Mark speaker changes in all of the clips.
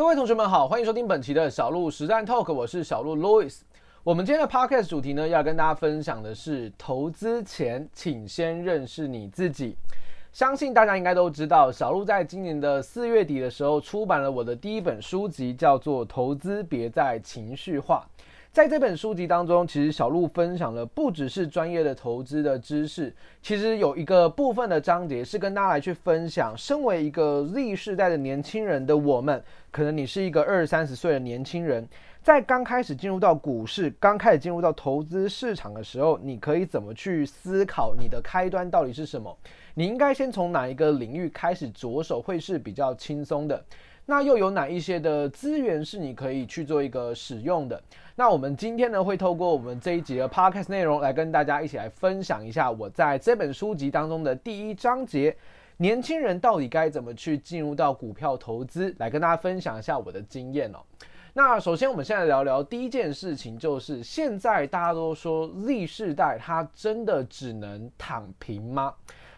Speaker 1: 各位同學們好，歡迎收聽本期的小鹿實戰 Talk，我是小鹿 Louis。我們今天的 Podcast 主題呢，要跟大家分享的是投資前請先認識你自己。相信大家應該都知道，小鹿在今年的四月底的時候出版了我的第一本書籍，叫做《投資別再情緒化》。在這本書籍當中，其實小鹿分享的不只是專業的投資的知識，其實有一個部分的章節，是跟大家來去分享，身為一個 Z 世代的年輕人的我們，可能你是一個二三十歲的年輕人，在剛開始進入到股市，剛開始進入到投資市場的時候，你可以怎麼去思考你的開端到底是什麼？你應該先從哪一個領域開始着手，會是比較輕鬆的？那又有哪一些的資源是你可以去做一個使用的？那我們今天呢，會透過我們這一集的 podcast 內容來跟大家一起來分享一下我在這本書籍當中的第一章節：年輕人到底該怎麼去進入到股票投資？來跟大家分享一下我的經驗哦。那首先，我們現在聊聊第一件事情，就是現在大家都說 Z 世代，它真的只能躺平嗎？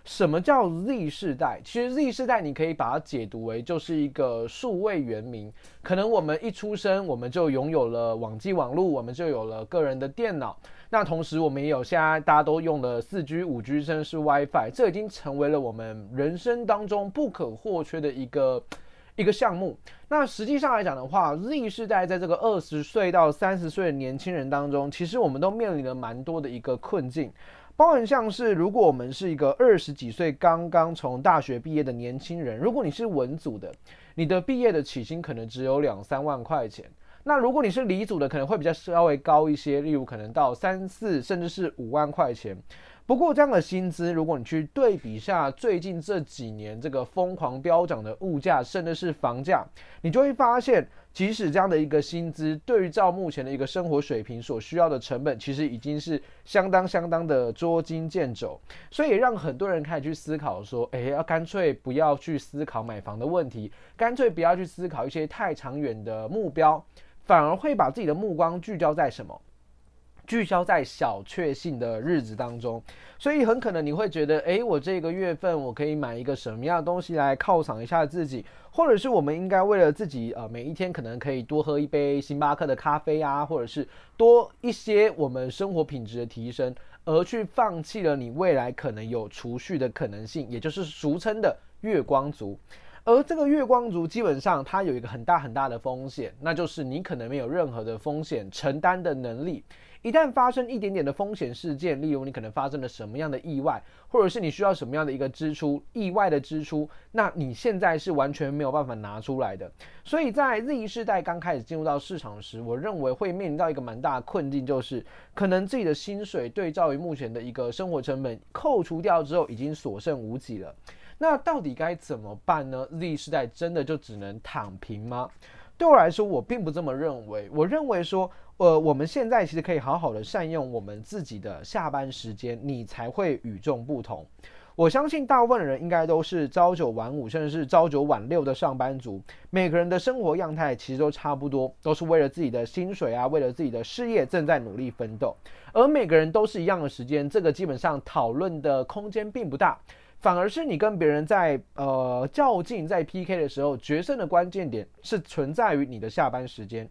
Speaker 1: 什麼叫 Z 世代？其實 Z 世代，你可以把它解讀為就是一個數位原民。可能我們一出生，我們就擁有了網際網絡，我們就有了個人的電腦。那同時，我們也有現在大家都用的四 G、五 G 甚至是 WiFi，這已經成為了我們人生當中不可或缺的一個一個項目。那實際上來講的話，Z 世代在這個二十歲到三十歲的年輕人當中，其實我們都面臨了蠻多的一個困境。包含像是，如果我們是一個二十幾歲剛剛從大學畢業的年輕人，如果你是文組的，你的畢業的起薪可能只有兩三萬塊錢；那如果你是理組的，可能會比較稍微高一些，例如可能到三四，甚至是五萬塊錢。不過，這樣的薪資，如果你去對比一下最近這幾年這個瘋狂飆漲的物價，甚至是房價，你就會發現，即使這樣的一個薪資，對照目前的一個生活水平所需要的成本，其實已經是相當相當的捉襟見肘。所以，讓很多人開始去思考說，誒、哎，要乾脆不要去思考買房的問題，乾脆不要去思考一些太長遠的目標，反而會把自己的目光聚焦在什麼？聚焦在小確幸的日子當中，所以很可能你會覺得，誒、欸，我這個月份我可以買一個什麼樣的東西來犒賞一下自己，或者是我們應該為了自己，呃，每一天可能可以多喝一杯星巴克的咖啡啊，或者是多一些我們生活品質的提升，而去放棄了你未來可能有儲蓄的可能性，也就是俗稱的月光族。而這個月光族基本上它有一個很大很大的風險，那就是你可能沒有任何的風險承擔的能力。一旦發生一點點的風險事件，例如你可能發生了什麼樣的意外，或者是你需要什麼樣的一個支出，意外的支出，那你現在是完全沒有辦法拿出來的。所以在 Z 世代剛開始進入到市場時，我認為會面臨到一個蠻大的困境，就是可能自己的薪水對照於目前的一個生活成本扣除掉之後，已經所剩無幾了。那到底該怎麼辦呢？Z 世代真的就只能躺平嗎？對我來說，我並不這麼認為。我認為說。呃，我們現在其實可以好好的善用我們自己的下班時間，你才會與眾不同。我相信大部分的人應該都是朝九晚五，甚至是朝九晚六的上班族。每個人的生活樣態其實都差不多，都是為了自己的薪水啊，為了自己的事業正在努力奮鬥。而每個人都是一樣的時間，這個基本上討論的空間並不大，反而是你跟別人在呃較勁、在 PK 的時候，決勝的關鍵點是存在於你的下班時間。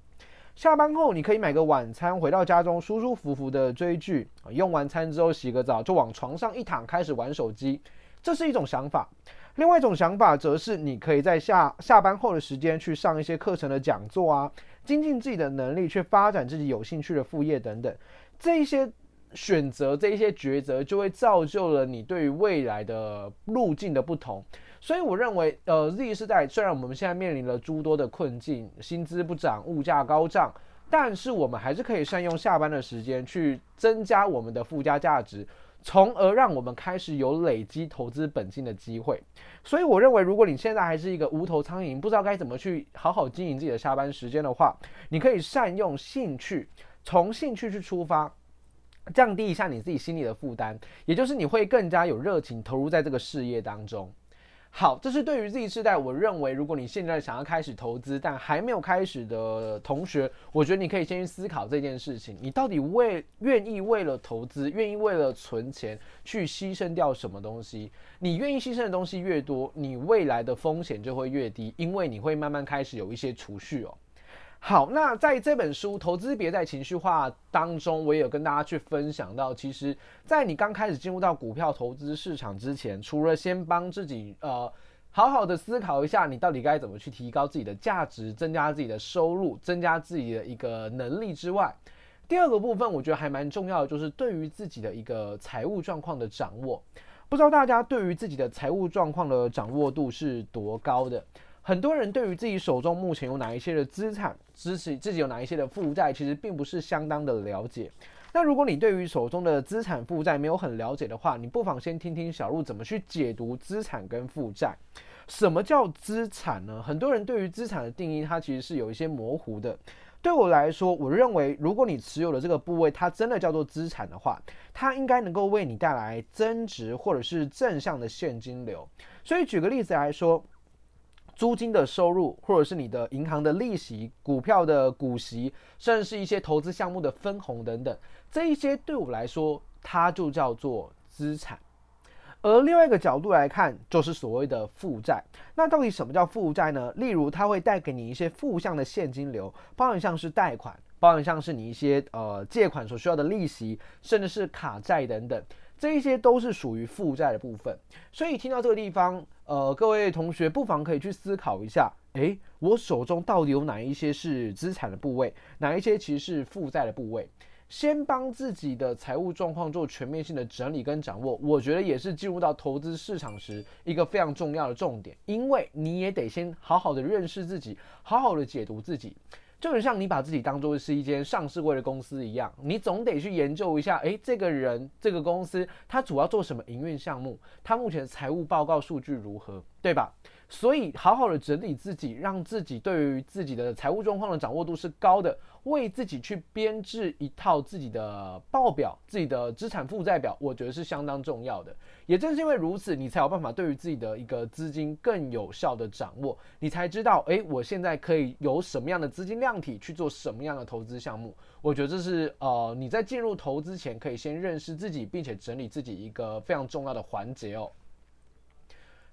Speaker 1: 下班後，你可以買個晚餐，回到家中舒舒服服地追劇。用完餐之後洗個澡，就往床上一躺，開始玩手機。這是一種想法。另外一種想法，則是你可以在下下班後的時間去上一些課程的講座啊，精進自己的能力，去發展自己有興趣的副業等等。這一些選擇，這一些抉擇，就會造就了你對於未來的路徑的不同。所以我認為，呃，Z 世代雖然我們現在面臨了諸多的困境，薪資不漲，物價高漲，但是我們還是可以善用下班的時間去增加我們的附加價值，從而讓我們開始有累積投資本金的機會。所以我認為，如果你現在還是一個無頭蒼蠅，不知道該怎麼去好好經營自己的下班時間的話，你可以善用興趣，從興趣去出發，降低一下你自己心理的負擔，也就是你會更加有熱情投入在這個事業當中。好，這是對於 Z 世代，我認為如果你現在想要開始投資，但還沒有開始的同學，我覺得你可以先去思考這件事情，你到底為願意為了投資，願意為了存錢去犧牲掉什麼東西？你願意犧牲的東西越多，你未來的風險就會越低，因為你會慢慢開始有一些儲蓄哦。好，那在這本書《投資別再情緒化》當中，我也有跟大家去分享到，其實，在你剛開始進入到股票投資市場之前，除了先幫自己呃好好的思考一下，你到底該怎麼去提高自己的價值、增加自己的收入、增加自己的一個能力之外，第二個部分我覺得還蠻重要的，就是對於自己的一個財務狀況的掌握。不知道大家對於自己的財務狀況的掌握度是多高的？很多人對於自己手中目前有哪一些的資產，自己自己有哪一些的負債，其實並不是相當的了解。那如果你對於手中的資產負債沒有很了解的話，你不妨先聽聽小路怎麼去解讀資產跟負債。什麼叫資產呢？很多人對於資產的定義，它其實是有一些模糊的。對我來說，我認為如果你持有的這個部位，它真的叫做資產的話，它應該能夠為你帶來增值或者是正向的現金流。所以，舉個例子來說。租金的收入，或者是你的銀行的利息、股票的股息，甚至是一些投資項目的分紅等等，這一些對我來說，它就叫做資產。而另外一個角度來看，就是所謂的負債。那到底什麼叫負債呢？例如，它會帶給你一些負向的現金流，包含像是貸款，包含像是你一些呃借款所需要的利息，甚至是卡債等等。這一些都是屬於負債的部分，所以聽到這個地方，呃，各位同學不妨可以去思考一下，誒，我手中到底有哪一些是資產的部位，哪一些其實是負債的部位？先幫自己的財務狀況做全面性的整理跟掌握，我覺得也是進入到投資市場時一個非常重要的重點，因為你也得先好好的認識自己，好好的解讀自己。就很像你把自己當作是一間上市櫃的公司一樣，你總得去研究一下，哎、欸，這個人、這個公司，他主要做什麼營運項目？他目前財務報告數據如何？對吧？所以，好好的整理自己，讓自己對於自己的財務狀況的掌握度是高的，為自己去編製一套自己的報表、自己的資產負債表，我覺得是相當重要的。也正是因為如此，你才有辦法對於自己的一個資金更有效的掌握，你才知道，誒、欸，我現在可以有什麼樣的資金量體去做什麼樣的投資項目。我覺得這是呃，你在進入投資前可以先認識自己，並且整理自己一個非常重要的環節哦。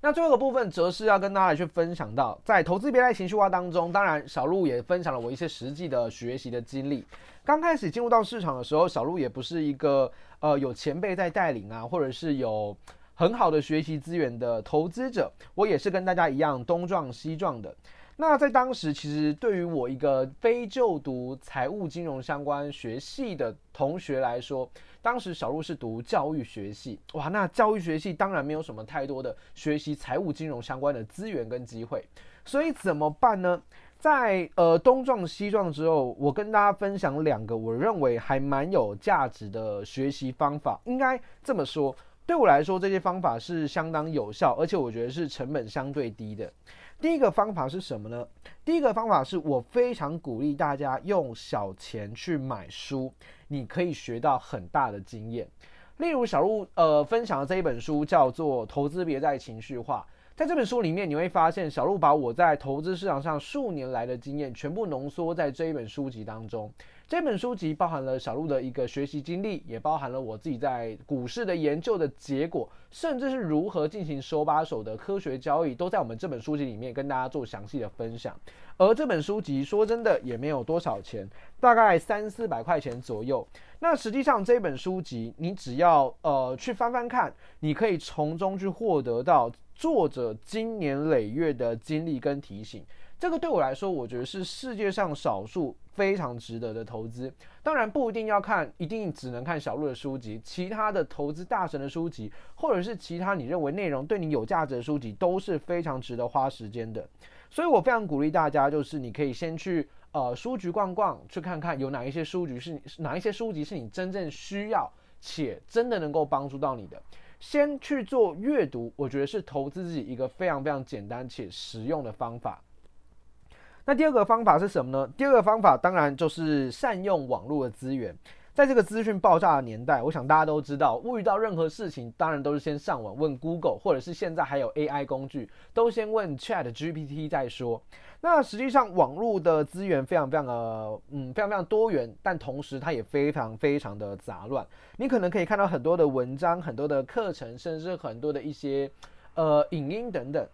Speaker 1: 那最後的部分則是要跟大家來去分享到，在投資別太情緒化當中，當然小鹿也分享了我一些實際的學習的經歷。剛開始進入到市場的時候，小鹿也不是一個呃有前輩在帶領啊，或者是有很好的學習資源的投資者。我也是跟大家一樣東撞西撞的。那在當時，其實對於我一個非就讀財務金融相關學系的同學來說，當時小鹿是讀教育學系，哇，那教育學系當然沒有什麼太多的學習財務金融相關的資源跟機會，所以怎麼辦呢？在呃東撞西撞之後，我跟大家分享兩個我認為還蠻有價值的學習方法。應該這麼說，對我來說，這些方法是相當有效，而且我覺得是成本相對低的。第一個方法是什麼呢？第一個方法是我非常鼓勵大家用小錢去買書，你可以學到很大的經驗。例如小鹿呃分享的這一本書叫做《投資別再情緒化》。在這本書裡面，你會發現小鹿把我在投資市場上數年來的經驗全部濃縮在這一本書籍當中。這本書籍包含了小鹿的一個學習經歷，也包含了我自己在股市的研究的結果，甚至是如何進行手把手的科學交易，都在我們這本書籍裡面跟大家做詳細的分享。而這本書籍說真的也沒有多少錢，大概三四百塊錢左右。那實際上這本書籍你只要呃去翻翻看，你可以從中去獲得到。作者經年累月的經歷跟提醒，這個對我來說，我覺得是世界上少數非常值得的投資。當然不一定要看，一定只能看小鹿的書籍，其他的投資大神的書籍，或者是其他你認為內容對你有價值的書籍，都是非常值得花時間的。所以我非常鼓勵大家，就是你可以先去呃書局逛逛，去看看有哪一些書籍是你哪一些書籍是你真正需要且真的能夠幫助到你的。先去做閱讀，我覺得是投資自己一個非常非常簡單且實用的方法。那第二個方法是什麼呢？第二個方法當然就是善用網絡的資源。在這個資訊爆炸的年代，我想大家都知道，遇到任何事情，當然都是先上網問 Google，或者是現在還有 AI 工具，都先問 ChatGPT 再說。那實際上，網絡的資源非常非常的、呃，嗯，非常非常多元，但同時它也非常非常的雜亂。你可能可以看到很多的文章、很多的課程，甚至很多的一些，呃，影音等等。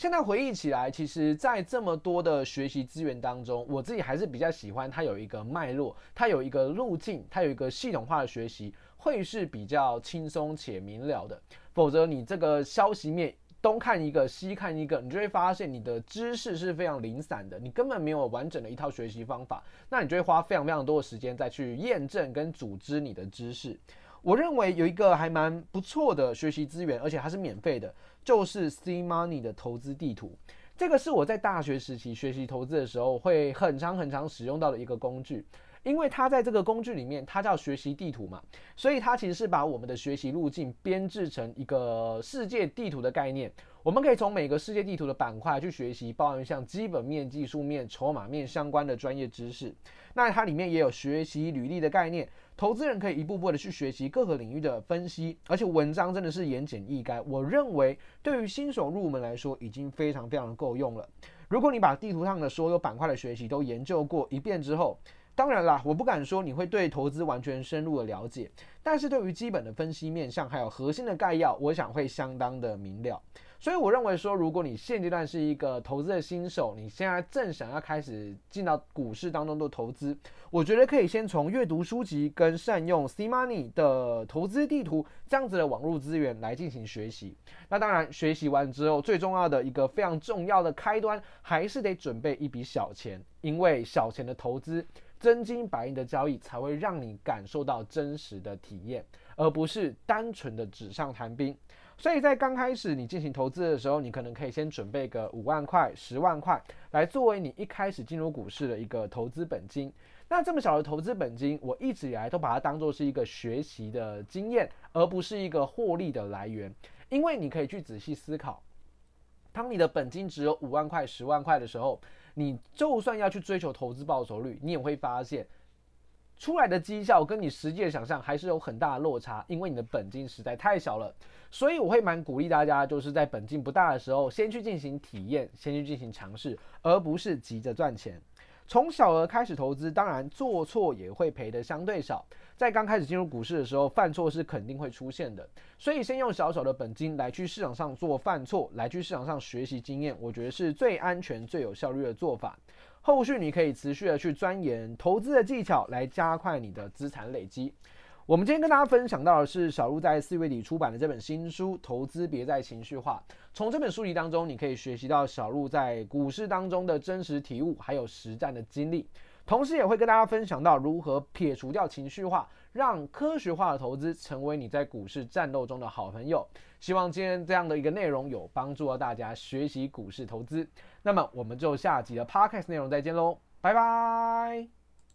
Speaker 1: 現在回憶起來，其實，在這麼多的學習資源當中，我自己還是比較喜歡它有一個脈絡，它有一個路徑，它有一個系統化的學習，會是比較輕鬆且明了的。否則，你這個消息面東看一個，西看一個，你就會發現你的知識是非常零散的，你根本沒有完整的一套學習方法，那你就會花非常非常多的時間再去驗證跟組織你的知識。我認為有一個還蠻不錯的學習資源，而且它是免費的，就是 C Money 的投資地圖。這個是我在大學時期學習投資的時候，會很常很常使用到的一個工具。因為它在這個工具裡面，它叫學習地圖嘛，所以它其實是把我們的學習路徑編制成一個世界地圖的概念。我們可以從每個世界地圖的板塊去學習，包含像基本面、技術面、籌碼面相關的專業知識。那它裡面也有學習履歷的概念，投資人可以一步步的去學習各個領域的分析，而且文章真的是言簡意賅。我認為對於新手入門來說，已經非常非常的夠用了。如果你把地圖上的所有板塊的學習都研究過一遍之後，當然啦，我不敢說你會對投資完全深入的了解，但是對於基本的分析面向還有核心的概要，我想會相當的明了。所以我認為說，如果你現階段是一個投資的新手，你現在正想要開始進到股市當中做投資，我覺得可以先從閱讀書籍跟善用 CMoney 的投資地圖這樣子的網絡資源來進行學習。那當然，學習完之後最重要的一個非常重要的開端，還是得準備一筆小錢，因為小錢的投資，真金白銀的交易才會讓你感受到真實的體驗，而不是單純的紙上談兵。所以在剛開始你進行投資的時候，你可能可以先準備個五萬塊、十萬塊來作為你一開始進入股市的一個投資本金。那這麼小的投資本金，我一直以來都把它當作是一個學習的經驗，而不是一個獲利的來源。因為你可以去仔細思考，當你的本金只有五萬塊、十萬塊的時候，你就算要去追求投資報酬率，你也會發現。出來的績效跟你實際的想象還是有很大的落差，因為你的本金實在太小了。所以我會蠻鼓勵大家，就是在本金不大的時候，先去進行體驗，先去進行嘗試，而不是急着賺錢。從小額開始投資，當然做錯也會賠得相對少。在剛開始進入股市的時候，犯錯是肯定會出現的。所以先用小小的本金來去市場上做犯錯，來去市場上學習經驗，我覺得是最安全、最有效率的做法。後續你可以持續的去鑽研投資的技巧，來加快你的資產累積。我們今天跟大家分享到的是小鹿在四月底出版的這本新書《投資別再情緒化》。從這本書籍當中，你可以學習到小鹿在股市當中的真實體悟，還有實戰的經歷。同時，也會跟大家分享到如何撇除掉情緒化，讓科學化的投資成為你在股市戰鬥中的好朋友。希望今天這樣的一個內容有幫助到大家學習股市投資，那麼我們就下集的 Podcast 內容再見嘍，拜拜。